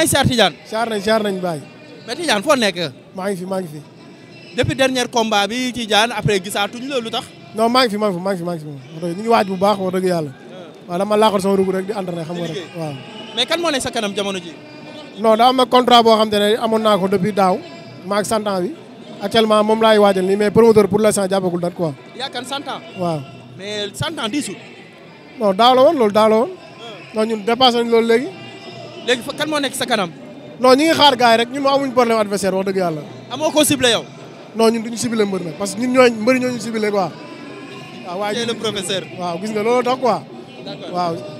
yaa ngi siyaar Tidiane. siyaar nañ siyaar nañ Baye. mais Tidiane foo nekk. maa ngi fi maa ngi fi. depuis dernier combat bi Tidiane après gisaatuñu la lu tax. non maa ngi fi maa ngi fi maa ngi fi maa ngi fi ñu ngi waaj bu baax wax dëgg yàlla. waaw dama laaxoon sama dugub rek di entraîné xam nga rek waaw. mais kan moo ne sa kanam jamono ji non daa am contrat boo xam te ne amoon naa ko depuis daaw maag santan bi actuellement moom laay waajal nii mais promoteur pour l'instant jàppagul date quoi. yaakaar santan. waaw mais santan diisul. non daaw la woon loolu daaw la woon. Ah. non ñun dépassé nañ loolu léegi léegi fa kan moo nekk sa kanam. non ñi ngi xaar gars yi rek ñun amuñ problème adversaire wax dëgg yàlla. amoo ko ciblé yow. non ñun duñu ciblé mbër nag parce que ñun ñooñu mbëri ñooñu ciblé quoi. waaw waaye waaw gis nga loolu tax quoi. d'accord waaw.